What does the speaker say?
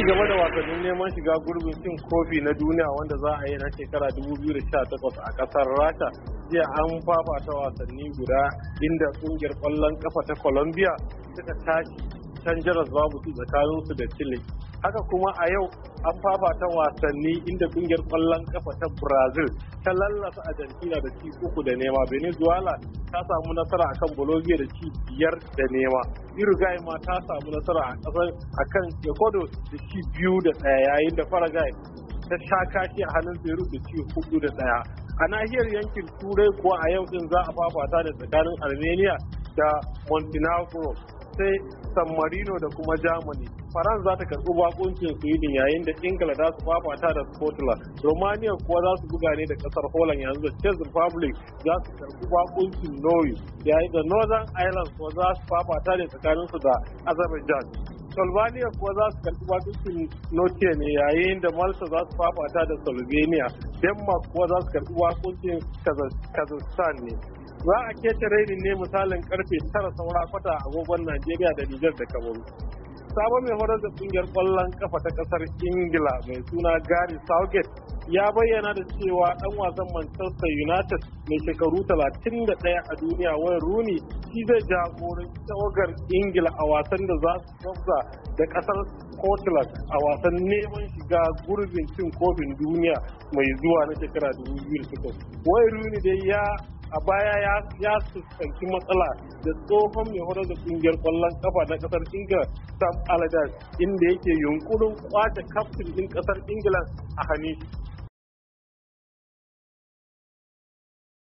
ci gaba da wasannin neman shiga gurbin cin kofi na duniya wanda za a yi na shekara 2018 a kasar rasha jiya an fafata wasanni guda inda kungiyar kwallon kafa ta colombia suka tashi can jaras babu su tsakaninsu da chile haka kuma a yau an fafata wasanni inda kungiyar kwallon kafa ta brazil ta lallasa argentina da ci uku da nema venezuela ta samu nasara a kan bolivia da ci biyar da nema uruguay ma ta samu nasara a kasar akan ecuador da ci biyu da ɗaya yayin da paraguay ta sha kashi a hannun peru da ci hudu da ɗaya a nahiyar yankin turai kuwa a yau din za a fafata da tsakanin armenia da montenegro sai san marino da kuma germany faransa za ta karɓi bakuncin sweden yayin da ingila za su fafata da scotland romania kuwa za su buga ne da ƙasar holland yanzu da czech republic za su karɓi bakuncin norway yayin da northern ireland kuwa za su fafata ne tsakaninsu da azerbaijan Slovenia kuwa za su karɓi bakuncin Nokia ne yayin da Malta za su fafata da Slovenia, Denmark kuwa za su karɓi bakuncin Kazakhstan ne. Za a keta rainin ne misalin karfe tara saura kwata agogon Najeriya da Nijar da Kamaru. sabon mai horar da kungiyar kwallon kafa ta kasar ingila mai suna gary southgate ya bayyana da cewa dan wasan manchester united mai shekaru 31 a duniya wani runi shi zai jagoranci tawagar ingila a wasan da za su tafsa da kasar scotland a wasan neman shiga gurbin cin kofin duniya mai zuwa na shekara 2008 wai runi dai ya a baya ya fuskanci matsala da tsohon mai horar da kungiyar kwallon kafa na kasar ingila sam allardyce inda yake yunkurin kwace kaftin din kasar ingila a hannu